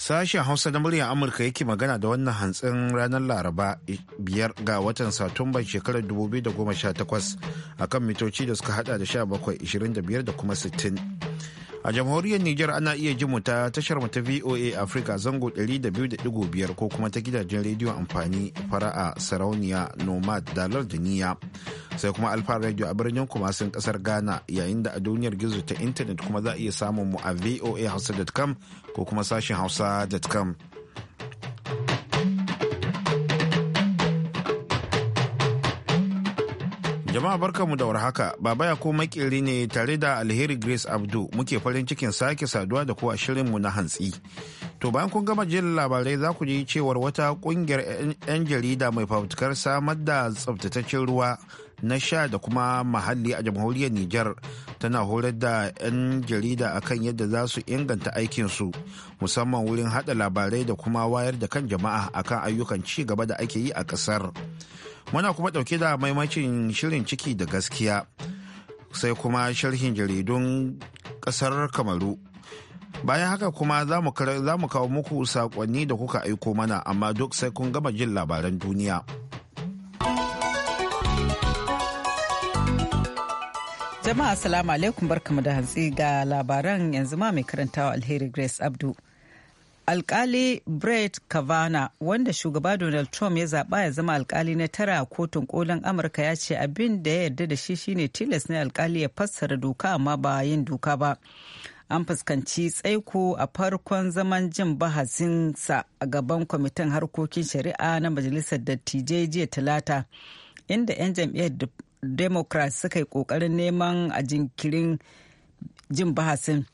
Sashen Hausa na muryar Amurka yake magana da wannan hantsin ranar Laraba biyar ga watan Satumban shekarar 2018 akan mitoci da suka hada da 17, 25 da kuma 60. a jamhuriyar niger ana iya mu ta tashar mu ta voa africa zango 200.5 ko kuma ta gidajen rediyon amfani fara'a sarauniya nomad dalar da lardiniya sai kuma alfa radio a birnin kumasin kasar ghana yayin da a duniyar gizo ta intanet kuma za a iya samun mu a voa hausa.com ko kuma sashen hausa.com Jama'a barka mu da warhaka, Baba ya ko makeri ne tare da Alheri Grace Abdu muke farin cikin sake saduwa da ku a mu na hantsi. To bayan kun gama jin labarai za ku ji cewar wata kungiyar 'yan jarida mai fafutukar samar da tsabtataccen ruwa na sha da kuma mahalli a jamhuriyar Nijar tana horar da 'yan jarida akan yadda za su inganta aikinsu musamman wurin hada labarai da kuma wayar da kan jama'a akan ayyukan ci gaba da ake yi a ƙasar. muna kuma ɗauke da maimacin shirin ciki da gaskiya sai kuma sharhin jaridun ƙasar kamaru bayan haka kuma za mu kawo muku saƙonni da kuka aiko mana amma duk sai kun gama jin labaran duniya jama'a assalamu alaikum barkamu da hantsi ga labaran yanzu ma mai karantawa alheri grace abdu alkali brett kavanaugh wanda shugaba donald trump ya zaba ya zama alkali na tara a kotun kolin amurka ya ce abin da ya yarda da shi shine tilas ne alkali ya fassara doka amma ba yin doka ba an fuskanci tsaiko a farkon zaman jin bahasinsa a gaban kwamitin harkokin shari'a na majalisar dattijai jiya talata inda 'yan jam'iyyar democrats suka yi kokarin neman a jinkirin jin bahasin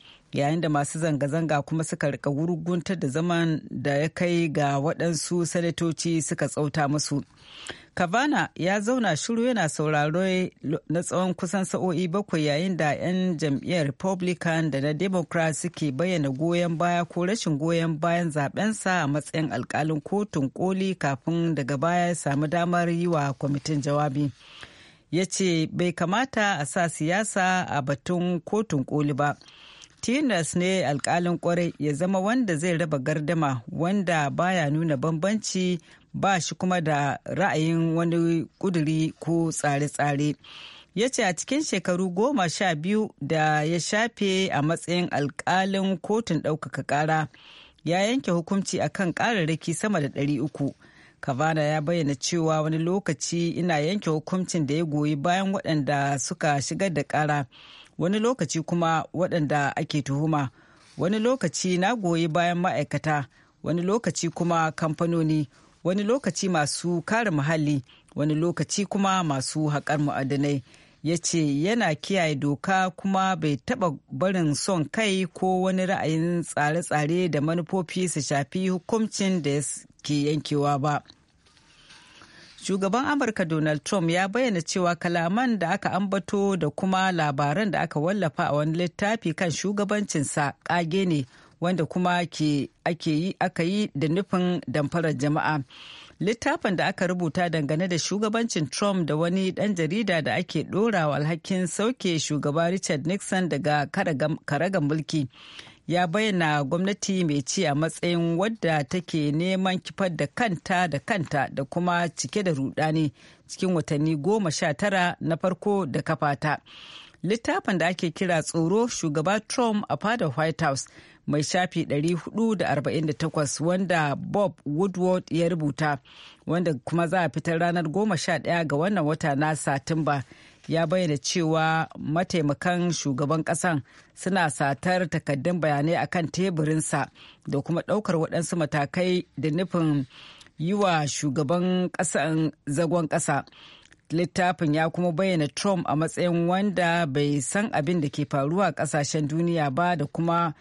yayin da masu zanga-zanga kuma suka rika gurguntar da zaman da ya kai ga waɗansu sanatoci suka tsauta musu. Kavana ya zauna shiru yana sauraro na tsawon kusan sa'o'i bakwai yayin da 'yan jam'iyyar Republican da na Democrat suke bayyana goyon baya ko rashin goyon bayan zabensa a matsayin alkalin kotun koli kafin daga baya ya samu damar yi wa kwamitin jawabi. Ya ce bai kamata a sa siyasa a batun kotun koli ba. tinas ne alkalin kwarai ya zama wanda zai raba gardama wanda baya nuna bambanci ba shi kuma da ra'ayin wani kuduri ko tsare-tsare ya ce a cikin shekaru goma sha biyu da ya shafe a matsayin alkalin kotun ɗaukaka ƙara ya yanke hukunci a kan ƙararraki sama da ɗari uku kavana ya bayyana cewa wani lokaci ina yanke hukuncin da ya goyi bayan waɗanda suka shigar da ƙara wani lokaci kuma waɗanda ake tuhuma wani lokaci na goyi bayan ma'aikata wani lokaci kuma kamfanoni wani lokaci masu kare muhalli wani lokaci kuma masu haƙar mu'adanai ya ce yana kiyaye doka kuma bai taɓa barin son kai ko wani ra'ayin tsare-tsare da manufofi su shafi hukumcin da ke yankewa ba. shugaban amurka donald trump ya bayyana cewa kalaman da aka ambato da kuma labaran da aka wallafa a wani littafi kan shugabancinsa kage ne wanda kuma ake yi aka yi da nufin damfarar jama'a littafin da aka rubuta dangane da shugabancin trump da wani dan jarida da ake dorawa alhakin sauke shugaba richard nixon daga karagan mulki ya bayyana gwamnati mai ci a matsayin wadda take neman kifar da kanta da kanta da kuma cike da rudani cikin watanni goma sha tara na farko da kafata. littafin da ake kira tsoro shugaba trump a fadar white house mai shafi 448 wanda bob woodward ya rubuta wanda kuma za a fitar ranar 11 ga wannan wata na satumba ya bayyana cewa mataimakan shugaban kasan suna satar takaddun bayanai a kan teburinsa da kuma ɗaukar waɗansu matakai da nufin yi wa shugaban ƙasan zagon ƙasa littafin ya kuma bayyana trump a matsayin wanda bai san abin da ke faruwa a ƙasashen duniya ba da kuma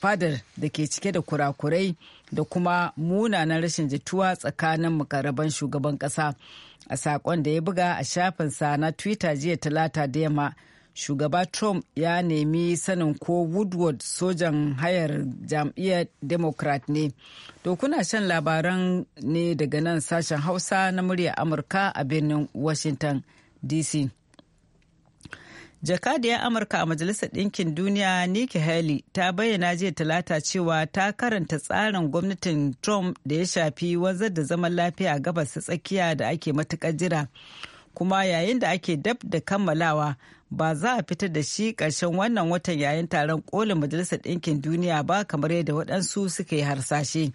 fadar da ke cike da kurakurai da kuma munanan rashin jituwa tsakanin makaraban shugaban kasa a sakon da ya buga a shafin sa na twitter jiya talata da yamma shugaba trump ya nemi sanin ko woodward sojan hayar jam'iyyar democrat ne to kuna shan labaran ne daga nan sashen hausa na murya amurka a birnin washington dc jakadiyar amurka a majalisar ɗinkin duniya nikki haley ta bayyana jiya talata cewa ta karanta tsarin gwamnatin trump da ya shafi wanzar da zaman lafiya a gabas ta tsakiya da ake matuƙar jira kuma yayin da ake dab da kammalawa ba za a fitar da shi ƙarshen wannan watan yayin taron kolin majalisar ɗinkin duniya ba kamar yadda waɗansu suka yi harsashe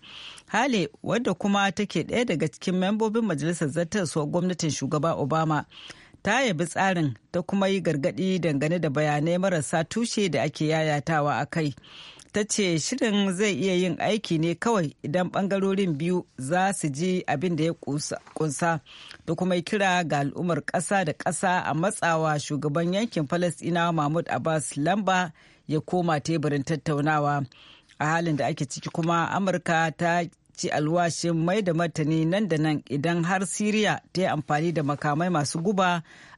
hale wadda kuma take ɗaya daga cikin membobin majalisar zartarsuwar gwamnatin shugaba obama ta yabi tsarin ta kuma yi gargaɗi dangane da bayanai marasa tushe da ake yayatawa a kai ta ce shirin zai iya yin aiki ne kawai idan bangarorin biyu za su ji abin da ya kunsa da kuma kira ga al'ummar ƙasa da ƙasa a matsawa shugaban yankin falasɗinawa mahmud abbas lamba ya koma teburin tattaunawa a halin da ake ciki kuma amurka ta ci alwashin mai da martani nan da nan idan har siriya ta yi amfani da makamai masu guba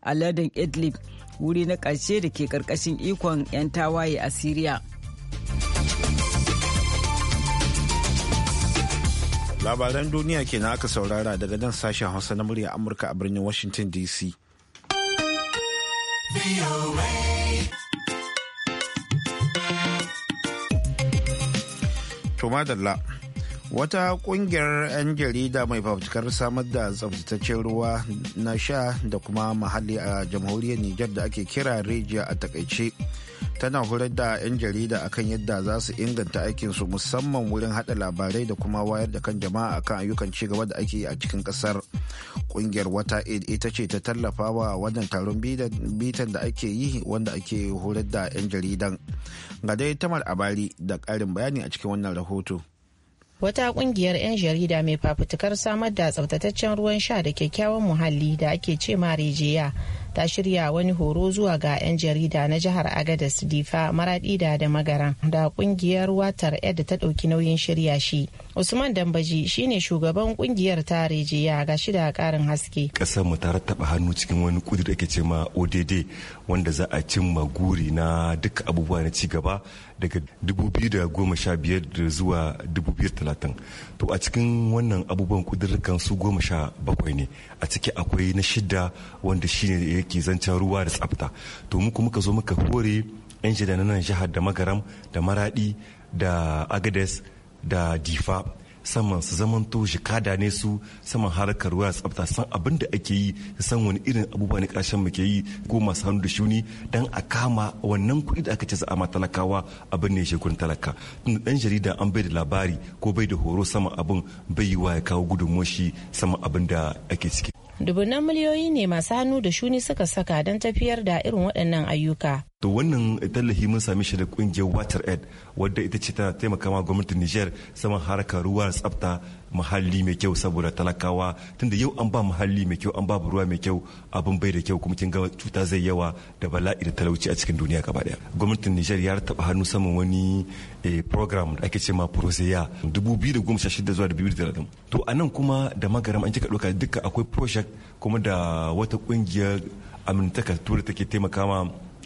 a lardin idlib wuri na ƙarshe da ke ƙarƙashin ikon 'yan tawaye a siriya labaran duniya ke aka saurara daga nan sashen hausa na murya amurka a birnin washington dc to wata kungiyar 'yan jarida mai fafutukar samar da tsabtataccen ruwa na sha da kuma mahalli a jamhuriyar nijar da ake kira rijiya a takaice tana horar da 'yan jarida akan yadda za su inganta aikinsu musamman wurin hada labarai da kuma wayar da kan jama'a akan ayyukan cigaba da ake a cikin kasar kungiyar wata aid ita ce ta tallafa wa wannan taron bitan da ake yi wanda ake horar da 'yan jaridan ga dai tamar abari da karin bayani a cikin wannan rahoto wata kungiyar 'yan jarida mai fafutukar samar da tsabtataccen ruwan sha da kyakkyawan muhalli da ake ce marejiya ta shirya wani horo zuwa ga 'yan jarida na jihar agadas difa maraɗida da magaran da kungiyar watar ed ta ɗauki nauyin shirya shi usman dambaji shine shugaban kungiyar tareji ya ga shida karin haske kasar mu ta rattaba hannu cikin wani kudi da ake ce ma odd wanda za a cimma guri na duk abubuwa na ci gaba daga 2015 zuwa 2030 to a cikin wannan abubuwan kudirkan su goma sha bakwai ne a ciki akwai na shida wanda shine yake zancen ruwa da tsafta to kuma muka zo muka hore 'yan na jihar da magaram da maradi da agades da difa saman su zaman to jikada ne su saman harkar waya tsafta san abin da ake yi san wani irin abubuwa ne kashe muke yi ko masu hannu da shuni dan a kama wannan kuɗi da aka ci a ma talakawa abin ne shekun talaka tun dan jarida an bai da labari ko bai da horo saman abin bai yi wa ya kawo gudunmuwa shi sama abin da ake ciki dubunan miliyoyi ne masu hannu da shuni suka saka don tafiyar da irin waɗannan ayyuka to wannan tallafi mun sami shi da kungiyar water aid wadda ita ce tana taimaka ma gwamnatin niger saman harkar ruwa da tsafta muhalli mai kyau saboda talakawa tunda yau an ba muhalli mai kyau an ba ruwa mai kyau abin bai da kyau kuma kin ga cuta zai yawa da bala'i da talauci a cikin duniya gaba daya gwamnatin Nijar ya taba hannu saman wani eh, program da ake cewa Proseya 2016 zuwa 2030 to anan kuma da magaram an kika doka duka akwai project kuma da wata kungiyar amintaka tura take taimaka ma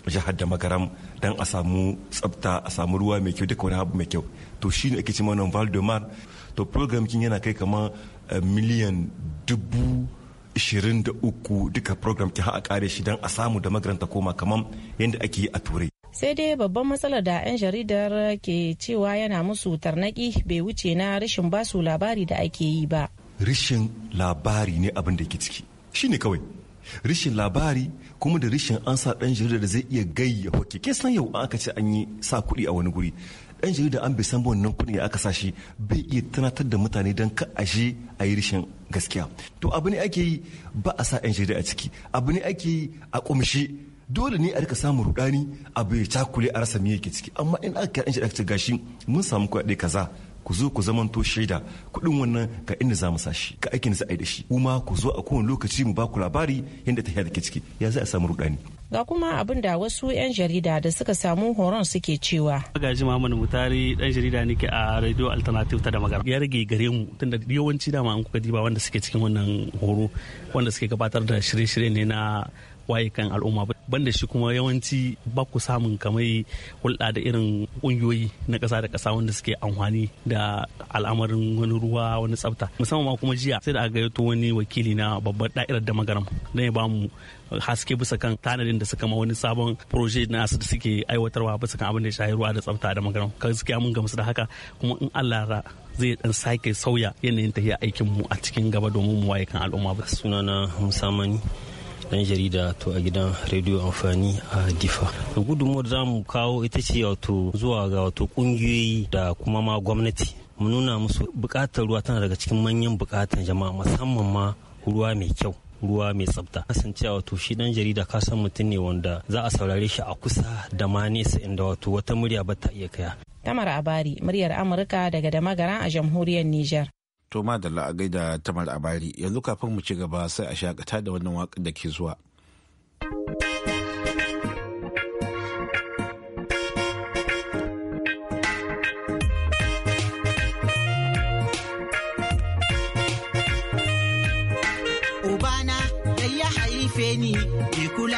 jihar da magaram dan a samu tsafta a samu ruwa mai kyau duka wani abu mai kyau to shi ake cewa non val mar to program kin yana kai kamar eh, miliyan dubu 23 duka program ki a kare shi don a samu da makaranta koma kamar yadda ake yi a turai sai dai babban matsalar da 'yan jaridar ke cewa yana musu tarnaki bai wuce na rashin basu labari da ake yi ba rashin labari ne abin da ke ciki shine kawai rashin labari kuma da rashin an sa dan jarida da zai iya gayya hoke ke san yau aka ce an yi sa kuɗi a wani guri yan jarida an bai san ba wannan kuɗin ya aka sa shi bai iya tunatar da mutane don ka ashe a yi rishin gaskiya to abu ne ake yi ba a sa yan jarida a ciki abu ne ake yi a kumshi dole ne a rika samun rudani abu ya cakule a rasa miye ke ciki amma in aka yan jarida gashi mun samu kuɗaɗe kaza ku zo ku to shaida kuɗin wannan ga inda za mu sa shi ga aikin za a yi da shi kuma ku zo a kowane lokaci mu ba ku labari yadda ta ke ciki ya za a samu rudani ga kuma abin da wasu 'yan jarida da suka samu horon suke cewa. Gaji Muhammad Mutari dan jarida nake a Radio Alternative ta da magana. Ya rage gare mu tunda yawanci dama an kuka diba wanda suke cikin wannan horo wanda suke gabatar da shirye-shirye ne na waye kan al'umma banda shi kuma yawanci ba ku samun kamar hulɗa da irin ƙungiyoyi na ƙasa da ƙasa wanda suke amfani da al'amarin wani ruwa wani tsafta musamman kuma jiya sai da aka gayyato wani wakili na babbar da'irar da magaram don ya ba mu haske bisa kan tanadin da suka ma wani sabon proje na su da suke aiwatarwa bisa kan abin da ya shahi ruwa da tsafta da magana gaskiya mun gamsu da haka kuma in Allah ra zai dan sake sauya yanayin tafiya aikin mu a cikin gaba domin mu waye al'umma ba sunana musamman dan jarida to a gidan rediyo amfani a difa da gudunmuwar za mu kawo ita ce wato zuwa ga wato kungiyoyi da kuma ma gwamnati mu nuna musu bukatar ruwa tana daga cikin manyan bukatan jama'a musamman ma ruwa mai kyau ruwa mai tsafta kasancewa wato shi dan jarida ka san mutum ne wanda za a saurare shi a kusa da ma nesa inda wato wata murya ba ta iya kaya tamar abari muryar amurka daga damagara a jamhuriyar nijar to madalla a gaida tamar abari yanzu kafin mu ci gaba sai a shakata da wannan waƙar da ke zuwa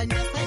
wanda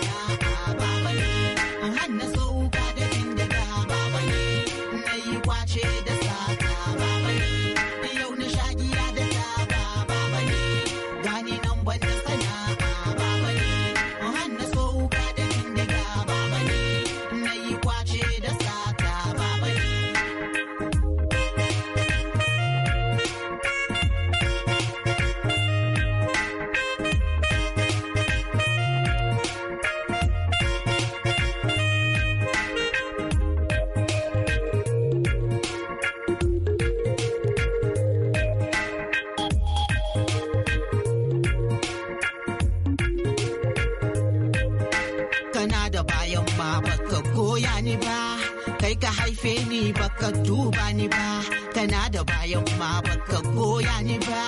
bayan ma baka goya ni ba kai ka haife ni baka duba ni ba tana da bayan ma baka goya ni ba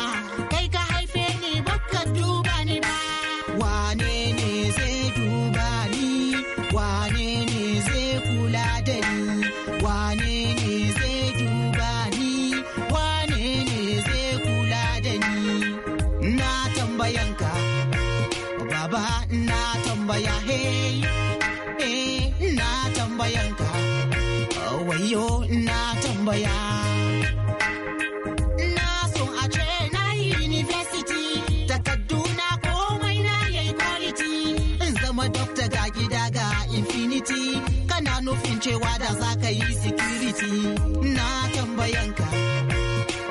kai ka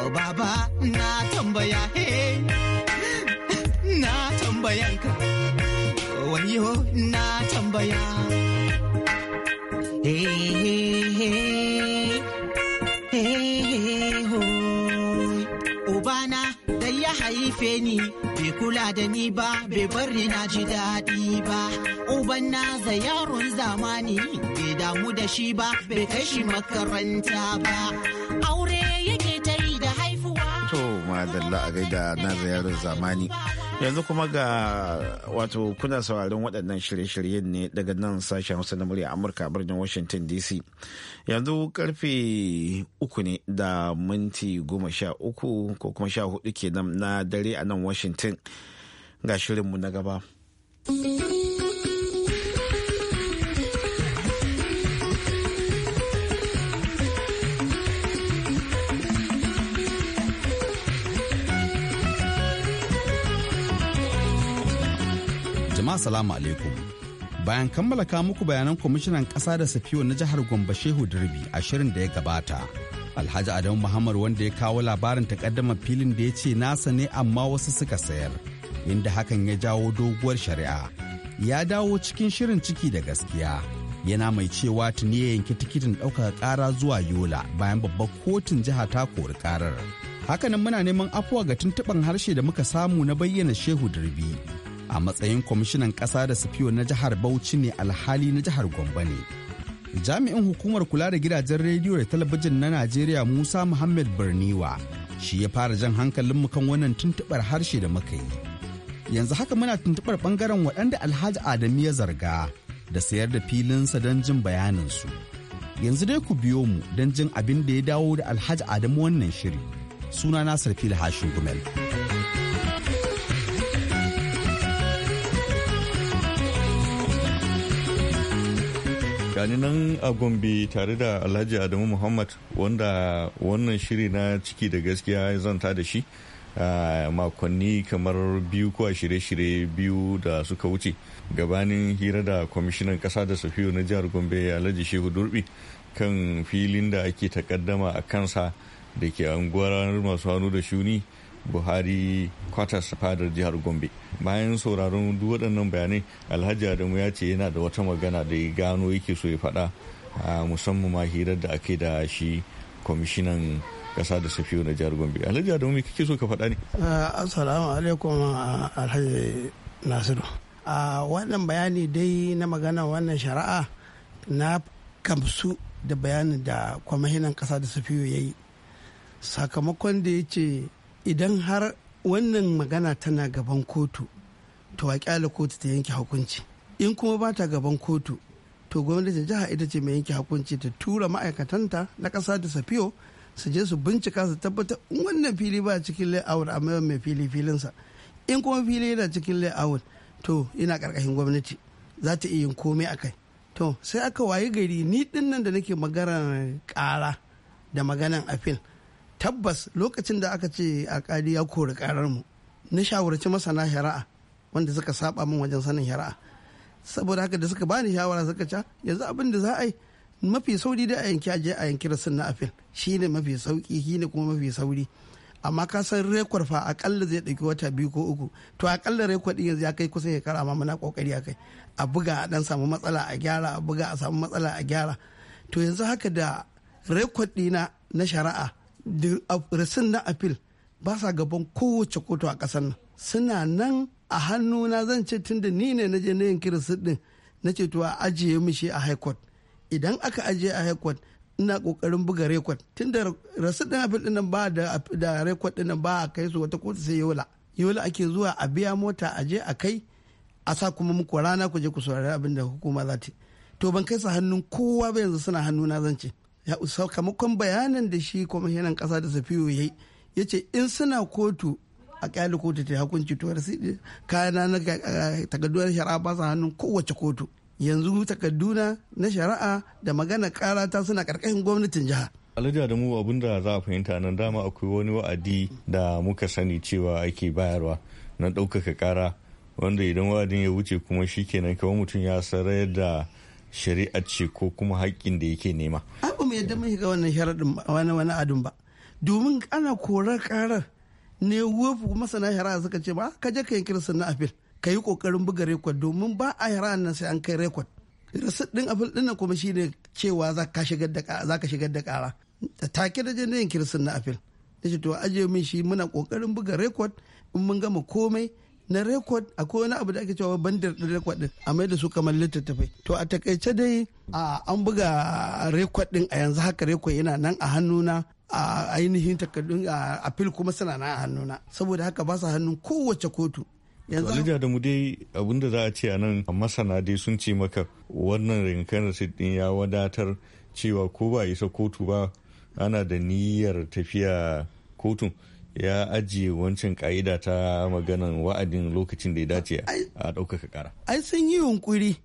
Oh baba na tambaya he na wani wayo na tambaya hey, hey, hey. Hey, hey, oh. Ubana da ya haife ni bai kula da ni ba bai bari na ji daɗi ba uban za yaron zamani bai damu da shi ba bai kai shi makaranta ba Dalla a gaida na ziyarar zamani yanzu kuma ga wato kuna sauraron waɗannan shirye-shiryen ne daga nan sashen hausa na murya amurka birnin washington dc yanzu karfe uku ne da minti goma sha uku ko kuma sha hudu kenan na dare a nan washington ga shirinmu na gaba. assalamu alaikum. Bayan kammala ka muku bayanan kwamishinan ƙasa da safiyo na jihar Gombe Shehu Dirbi a shirin da ya gabata. Alhaji Adamu Muhammad wanda ya kawo labarin takaddama filin da ya ce nasa ne amma wasu suka sayar. Inda hakan ya jawo doguwar shari'a. Ya dawo cikin shirin ciki da gaskiya. yana mai cewa tuni ya yanki tikitin ɗaukar ƙara zuwa yola bayan babbar kotun jiha ta kori ƙarar hakanan muna neman afuwa ga tuntuɓan harshe da muka samu na bayyana shehu dirbi a matsayin kwamishinan ƙasa da sifiyo na jihar bauchi ne alhali na jihar gombe ne jami'in hukumar kula da gidajen rediyo da talabijin na najeriya musa muhammad birniwa shi ya fara jan hankalin mu kan wannan tuntuɓar harshe da muka yi yanzu haka muna tuntuɓar ɓangaren waɗanda alhaji adamu ya zarga da sayar da filinsa don jin bayanin su yanzu dai ku biyo mu don jin abin da ya dawo da alhaji adamu wannan shiri suna nasar fil hashin gumel. gani nan a gombe tare da alhaji adamu muhammad wanda wannan shiri na ciki da gaskiya ya zanta da shi makonni kamar biyu ko shirye-shirye biyu da suka wuce gabanin hira da kwamishinan kasa da safiyo na jihar gombe alhaji shehu durbi kan filin da ake takaddama a kansa da ke anguwar masu hannu da shuni buhari kwatas fadar jihar gombe bayan sauraron duk waɗannan bayanai alhaji adamu ya ce yana da wata magana da ya gano yake so ya faɗa a musamman ma hirar da ake da shi kwamishinan ƙasa da safiyo na jihar gombe alhaji adamu me kake so ka faɗa ne assalamu alaikum alhaji nasiru a wannan bayani dai na magana wannan shari'a na kamsu da bayanin da kwamishinan ƙasa da safiyo ya yi sakamakon da ya ce idan har wannan magana tana gaban kotu to a kyale kotu ta yanke hukunci in kuma ba ta gaban kotu to gwamnatin jiha ita ce mai yanke hukunci ta tura ma'aikatanta na ƙasa da safiyo su je su bincika su tabbatar wannan fili ba cikin layout amma mai fili filinsa in kuma fili yana cikin layout to ina ƙarƙashin gwamnati za ta iya yin komai a kai to sai aka wayi gari ni ɗin da nake magana ƙara da maganan afil tabbas lokacin da aka ce alkali ya kori karar mu na shawarci masana shari'a wanda suka saba min wajen sanin shari'a saboda haka da suka bani shawara suka ca yanzu abin da za a yi mafi sauri da a yanki aje a yanki rasin na afil ne mafi sauki shine kuma mafi sauri amma ka san rekord fa akalla zai ɗauki wata biyu ko uku to akalla rekord ɗin yanzu ya kai kusan shekara amma muna kokari a kai a buga a dan samu matsala a gyara a buga a samu matsala a gyara to yanzu haka da rekord ɗina na shari'a resin na apil ba sa gaban kowace kotu a ƙasar nan suna nan a hannuna zan ce tunda ni ne na je na yanki rasin din na ce to a ajiye mishi a high court idan aka ajiye a high court ina kokarin buga rekod tunda rasu din abin din ba da da record din ba a kai su wata kotu sai yola yola ake zuwa a biya mota a je a kai a sa kuma muku rana ku je ku saurari abin da hukuma za ta to ban kai sa hannun kowa ba yanzu suna hannuna zan ce ya sakamakon bayanan da shi kwamishinan kasa da safiyo ya yi ya ce in suna kotu a kyali kotu ta hukunci to kayana na takaddunar shari'a ba su hannun kowace kotu yanzu takadduna na shari'a da magana karata suna karkashin gwamnatin jiha alhaji adamu abin da za a fahimta nan dama akwai wani wa'adi da muka sani cewa ake bayarwa na ɗaukaka kara wanda idan wa'adin ya wuce kuma shi shikenan kawai mutum ya sarar da shari'ar ce ko kuma haƙƙin da yake nema. Ai ba mu yadda mun shiga wannan sharaɗin wani wani adun ba. Domin ana korar karar ne wofu masana shari'a suka ce ba ka je ka yanki rasu na afil ka yi ƙoƙarin buga rekod domin ba a shari'a nan sai an kai rekod. Rasu ɗin afil ɗin nan kuma shine cewa za ka shigar da ƙara. Take da je na yanki rasu na afil. da ce to ajiye min shi muna ƙoƙarin buga rekod in mun gama komai na rekod akwai wani abu da ake cewa bandar din rekod din a mai da su kamar littattafai to a takaice dai an buga rekod din a yanzu haka rekod yana nan a hannuna a ainihin takardun a fil kuma suna na a hannuna saboda haka ba su hannun kowace kotu yanzu da mu dai abinda za a ce a nan masana dai sun ce maka wannan rinkan rasit din ya wadatar cewa ko ba isa kotu ba ana da niyyar tafiya kotun ya ajiye wancan ka'ida ta maganan wa'adin lokacin da ya dace a ɗaukaka ƙara. ai sun yi yunkuri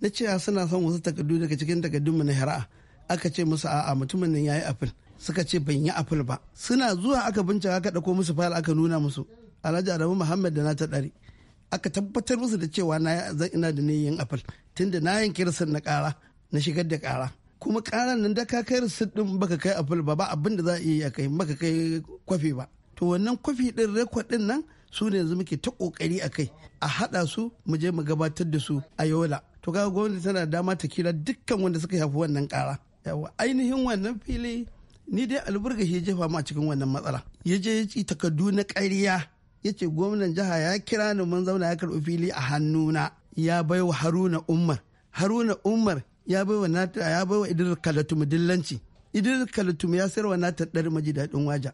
na cewa suna son wasu takardu daga cikin takardunmu na hira'a aka ce musu a'a mutumin nan ya yi apil suka ce ban yi apil ba suna zuwa aka bincika aka ɗauko musu fayil aka nuna musu alhaji adamu muhammad da na ta ɗari aka tabbatar musu da cewa na zan ina da niyyar apil tunda na yanke rasin na ƙara na shigar da ƙara kuma ƙaran nan da ka kai rasin ɗin baka kai apil ba ba abinda da za a iya kai baka kai kwafi ba to wannan kwafi ɗin rekod ɗin nan su ne yanzu muke ta ƙoƙari a kai a haɗa su mu je mu gabatar da su a yola to kaga gwamnati tana dama ta kira dukkan wanda suka shafi wannan ƙara yawa ainihin wannan fili ni dai alburga shi jefa ma cikin wannan matsala ya je ya ci takardu na ƙarya ya ce gwamnan jiha ya kira ni mun zauna ya karɓi fili a hannuna ya bai wa haruna umar haruna umar ya bai wa nata ya bai wa idris kalatum dillanci idris kalatum ya wa nata ɗari maji daɗin waja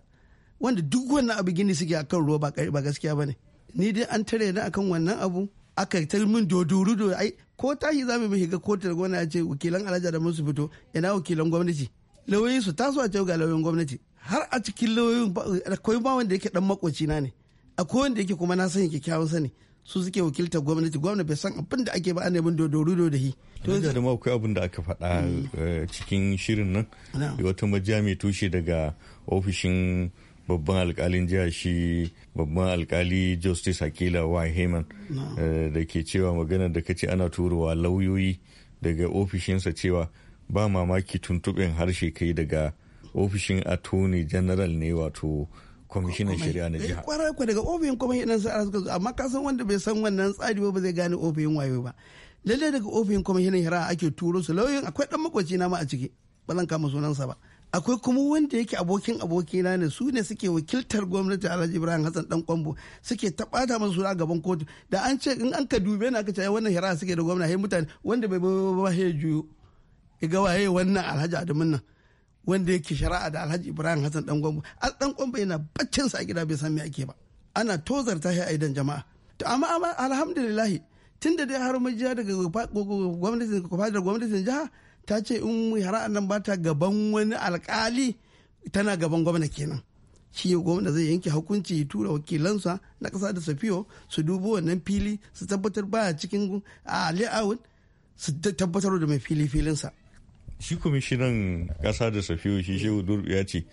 wanda duk wannan abu gini suke akan ruwa ba ba gaskiya ba ne ni dai an tare ni akan wannan abu aka ta min dodoro do ai ko tashi za mu shiga kotar gwamna ce wakilan alhaji da musu fito ina wakilan gwamnati lauyoyin su taso a ga lauyoyin gwamnati har a cikin lauyoyin akwai ba wanda yake dan makwaci na ne akwai wanda yake kuma na sani kyakkyawan sani su suke wakiltar gwamnati gwamnati bai san abin da ake ba ana bin dodoro da hi to da ma akwai abin da aka faɗa hmm. eh, cikin shirin nan wata majami tushe daga ofishin babban alkalin jiha shi babban alkali justice akila wa heman eh, da ke cewa magana da kace ana turowa lauyoyi daga ofishinsa cewa ba mamaki tuntuɓin harshe kai daga ofishin attorney general ne wato kwamishinan shari'a na eh, jiha. Kwarar kwa daga ofishin kwamishinan shari'a suka zo amma san wanda bai san wannan tsari ba zai gane ofishin wayo ba. Lallai daga ofishin kwamishinan shari'a ake turo su lauyoyin akwai dan makwaci na ma a ciki ba zan kama sunansa ba. akwai kuma wanda yake abokin abokina ne su ne suke wakiltar gwamnati alhaji ibrahim hassan dan kwambo suke tabata masu suna gaban kotu da an ce in an ka dube na ka ce wannan hira suke da gwamnati. he mutane wanda bai ba he juyo ga waye wannan alhaji adamun nan wanda yake shari'a da alhaji ibrahim hassan dan kwambo al dan kwambo yana baccin sa a gida bai san me ake ba ana ta shi aidan jama'a to amma alhamdulillah tunda dai har mun jiya daga da gwamnatin jiha ta ce in shari'ar nan ba ta gaban wani alkali tana gaban gwamna kenan shi gwamna zai yanke hukunci ya tura wakilansa na kasa da safiyo su dubo wannan fili su tabbatar baya cikin a layout su tabbatar da mai fili filinsa shi kwamishinan kasa da safiyo shi shehu durbi ya ce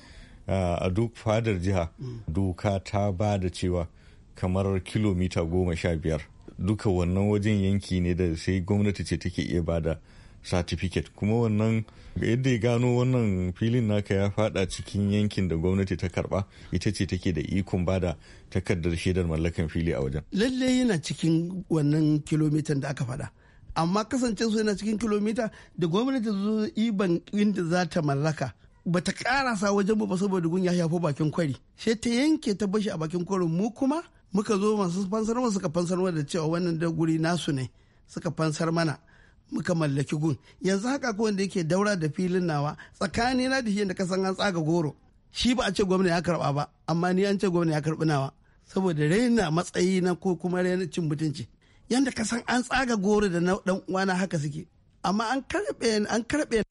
a duk fadar jiha mm. doka ta ba da cewa kamar kilomita goma sha biyar duka wannan wajen yanki ne da sai gwamnati ce take iya bada satifiket kuma wannan yadda ya gano wannan filin naka ya fada cikin yankin da gwamnati ta karba ita ce take da ikon bada takardar shaidar mallakan fili a wajen lalle yana cikin wannan kilomitan da aka fada amma kasance su yana cikin kilomita da gwamnati zo iban inda za ta mallaka bata karasa wajen ba saboda gun ya shafo bakin kwari sai ta yanke ta bashi a bakin kwarin mu kuma muka zo masu fansar suka fansar da cewa wannan da guri nasu ne suka fansar mana muka mallaki gun yanzu haka ko wanda yake daura da filin nawa tsakani na da shi da kasan an tsaga goro shi ba a ce gwamna ya karba ba amma ni an ce gwamna ya karbi nawa saboda raina matsayi na ko kuma raina cin mutunci yanda kasan an tsaga goro da na dan uwana haka suke amma an karbe an karbe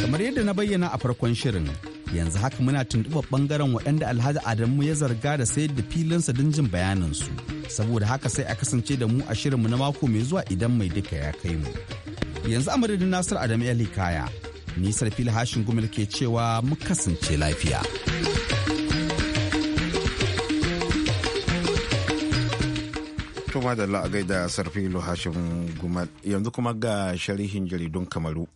kamar yadda na bayyana a farkon shirin yanzu haka muna tuntuɓa ɓangaren waɗanda alhaji adamu ya zarga da sayar da filinsa don jin bayaninsu saboda haka sai a kasance da mu a shirinmu na mako mai zuwa idan mai duka ya kai mu yanzu a madadin nasir adamu ya likaya nisar fil hashin gumil ke cewa mu kasance lafiya to madalla a gaida sarfi hashin gumal yanzu kuma ga sharihin jaridun kamaru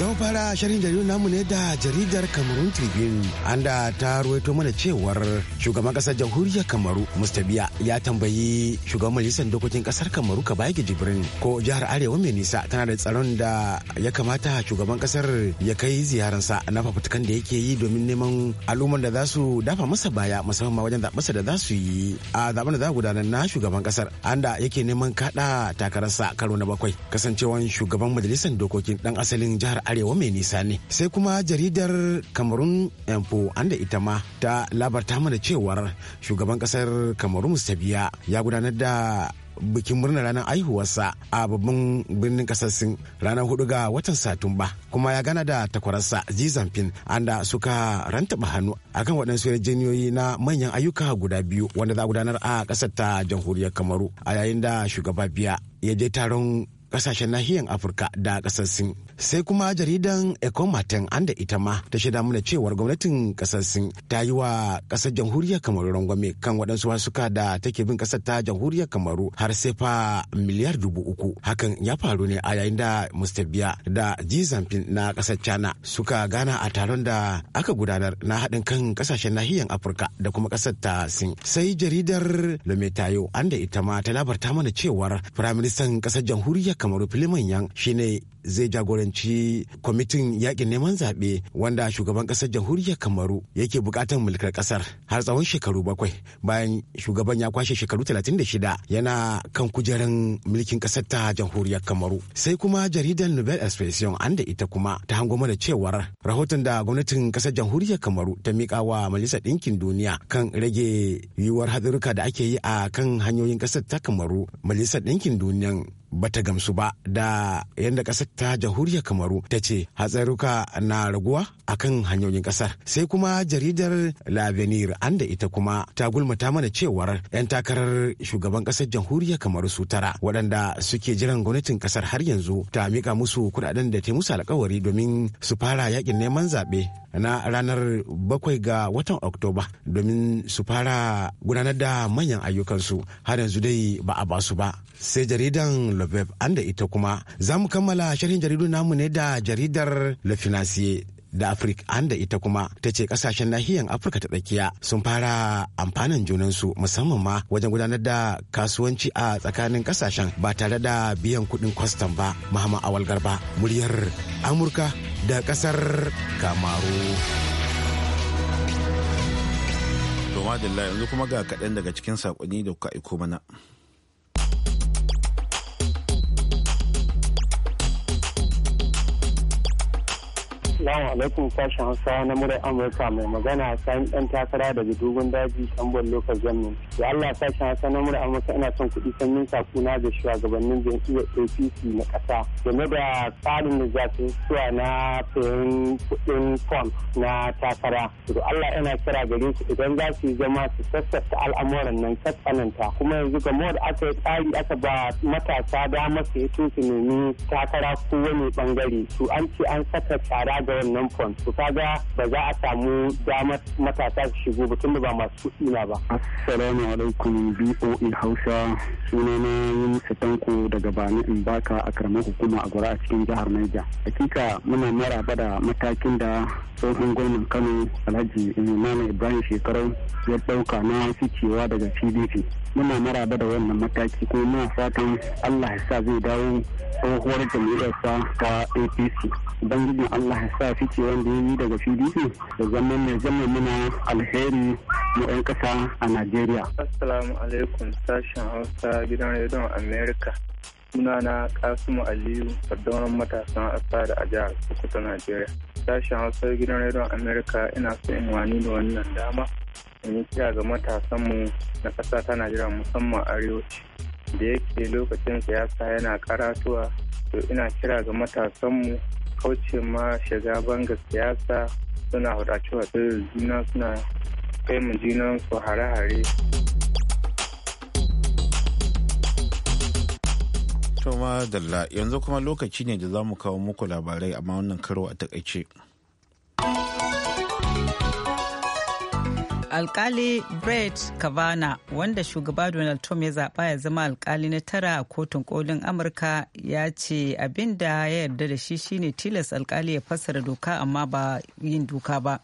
Zan fara shirin jaridar namu ne da jaridar Cameroon Tribune an da ta ruwaito mana cewar shugaban kasar jamhuriyar Kamaru Mustabiya ya tambayi shugaban majalisar dokokin kasar Kamaru Kabayegi Jibrin ko jihar Arewa mai nisa tana da tsaron da ya kamata shugaban kasar ya kai ziyaransa na fafutukan da yake yi domin neman al'ummar da za su dafa masa baya musamman ma wajen zaɓensa da za su yi a zaben da za a gudanar na shugaban kasar an da yake neman kaɗa takararsa karo na bakwai kasancewan shugaban majalisar dokokin dan asalin jihar arewa mai nisa ne sai kuma jaridar kamarun an anda ita ma ta labarta mana cewar shugaban kasar kamarun mustabiya ya gudanar da bikin murnar ranar aihuwarsa a babban birnin kasar sin ranar hudu ga watan satumba kuma ya gana da takwararsa ji zamfin anda suka rantaba hannu akan waɗansu yarjejeniyoyi na manyan ayyuka guda biyu wanda za a gudanar a ƙasar ta jamhuriyar kamaru a yayin da shugaba biya ya je taron kasashen nahiyar afirka da kasar sai kuma jaridan ecomaten anda ita ma ta shaida mana cewar gwamnatin kasar ta yi wa kasar jamhuriyar kamaru rangwame kan waɗansu wasuka da take bin kasar ta jamhuriyar kamaru har sai fa miliyar dubu uku hakan ya faru ne a yayin da mr biya da ji na kasar cana suka gana a taron da aka gudanar na haɗin kan kasashen nahiyar afirka da kuma kasar ta sin sai jaridar lometayo an da ita ma ta labarta mana cewar firaministan kasar jamhuriyar kamaru Filimanyan yan shine zai jagoranci kwamitin yakin neman zaɓe wanda shugaban ƙasar jamhuriyar kamaru yake buƙatar mulkar ƙasar har tsawon shekaru bakwai bayan shugaban ya kwashe shekaru 36 yana kan kujerar mulkin ƙasar ta jamhuriyar kamaru sai kuma jaridar Nobel expression an da ita kuma ta hango da cewar rahoton da gwamnatin ƙasar jamhuriyar kamaru ta miƙa wa majalisar ɗinkin duniya kan rage yiwuwar haɗurruka da ake yi a kan hanyoyin ƙasar ta kamaru majalisar ɗinkin duniyan bata gamsu ba da yadda ƙasar ta jahuriyar kamaru ta ce hatsaruka na raguwa a kan hanyoyin ƙasar sai kuma jaridar lavenir an da ita kuma ta gulmata mana cewar 'yan takarar shugaban ƙasar jamhuriyar kamaru su tara waɗanda suke jiran gwamnatin ƙasar har yanzu ta mika musu kuɗaɗen da ta musu alkawari domin su fara yakin neman zaɓe na ranar bakwai ga watan oktoba domin su fara gudanar da manyan ayyukansu har yanzu dai ba a basu ba sai jaridan Lobeb an da ita kuma za mu kammala sharhin jaridu namu ne da jaridar Le Financier da Afrika an ita kuma ta ce kasashen nahiyan Afirka ta tsakiya sun fara amfanin junansu musamman ma wajen gudanar da kasuwanci a tsakanin kasashen ba tare da biyan kuɗin kwastam ba Muhammad Awal Garba muryar Amurka da ƙasar Kamaru. Toma yanzu kuma ga kaɗan daga cikin saƙonni da kuka aiko mana. Assalamu alaikum sashen Hausa na murar Amurka mai magana sayin ɗan takara daga dogon daji Sambon Lokal Jamin. Ya Allah sashen Hausa na murar Amurka ina son kuɗi sanyin sakuna ga shugabannin jam'iyyar APC na ƙasa. Game da tsarin da za su zuwa na sayan kuɗin fom na takara. To Allah yana kira gare su idan za su yi zama su sassafta al'amuran nan tsananta. Kuma yanzu ga mawar aka yi tsari aka ba matasa dama su yi su nemi takara ko wani bangare. To an ce an saka tsara da wannan fund to kaga ba za a samu damar matasa su shigo ba da ba masu kuɗi na ba assalamu alaikum BOE Hausa sunana Yunusa Tanko daga Bani in baka a karamar hukuma a gura a cikin jihar Niger hakika muna maraba da matakin da tsohon gwamnan Kano Alhaji Imam Ibrahim Shekarau ya ɗauka na cewa daga PDP muna maraba da wannan mataki ko muna fatan Allah ya sa zai dawo tsohuwar jam'iyyarsa ta APC ubangijin allah ya sa fice wanda ya yi daga fili da zama mai zama muna alheri mu 'yan kasa a najeriya assalamu alaikum sashen hausa gidan rediyon america sunana kasimu aliyu sardaunan matasan asa da a jihar sokoto najeriya sashen hausa gidan rediyon america ina so in wani da wannan dama in yi kira ga matasanmu na ƙasa ta najeriya musamman arewaci da yake lokacin siyasa yana karatuwa to ina kira ga matasanmu kauce ma shiga banga siyasa suna hudace wa juna suna kai mu junan su hare-hare. Toma Dalla yanzu kuma lokaci ne da za mu kawo muku labarai amma wannan karo a takaice. alkali brett kavana wanda shugaba donald trump ya zaba ya zama alkali na tara a kotun kolin amurka ya ce abin da ya yarda da shi shine tilas alkali ya fassara doka amma ba yin doka ba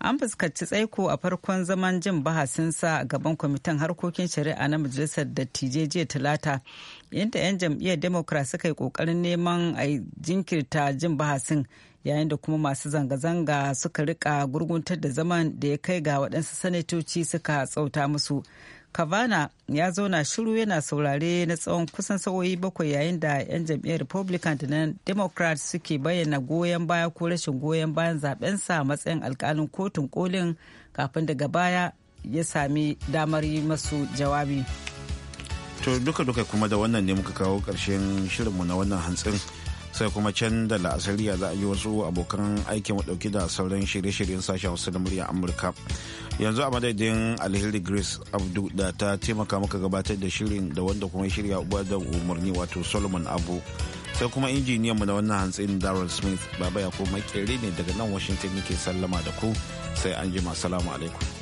an fuskanci tsaiko a farkon zaman jin bahasinsa a gaban kwamitin harkokin shari'a na majalisar dattijai jiya talata inda 'yan jam'iyyar democrat suka yi kokarin neman a jinkirta jin bahasin yayin da kuma masu zanga-zanga suka rika gurguntar da zaman da ya kai ga waɗansu sanatoci suka tsauta musu kavana ya zauna shiru yana saurare na tsawon kusan sa'o'i bakwai yayin da 'yan jam'iyyar republican da na democrat suke bayyana goyon baya ko rashin goyon bayan zabensa a matsayin alkalin kotun kolin kafin daga baya ya sami damar yi masu jawabi to duka-duka kuma da wannan ne muka kawo ƙarshen shirinmu na wannan hantsin sai kuma can da la'asariya za a yi wasu abokan aikin ɗauki da sauran shirye-shiryen sashen wasu da murya amurka yanzu a madadin alheri grace abdu da ta taimaka maka gabatar da shirin da wanda kuma shirya uba da umarni wato solomon abu sai kuma injiniyan mu na wannan hantsin darren smith baba ya ko makere ne daga nan washington yake sallama da ku sai an jima salamu alaikum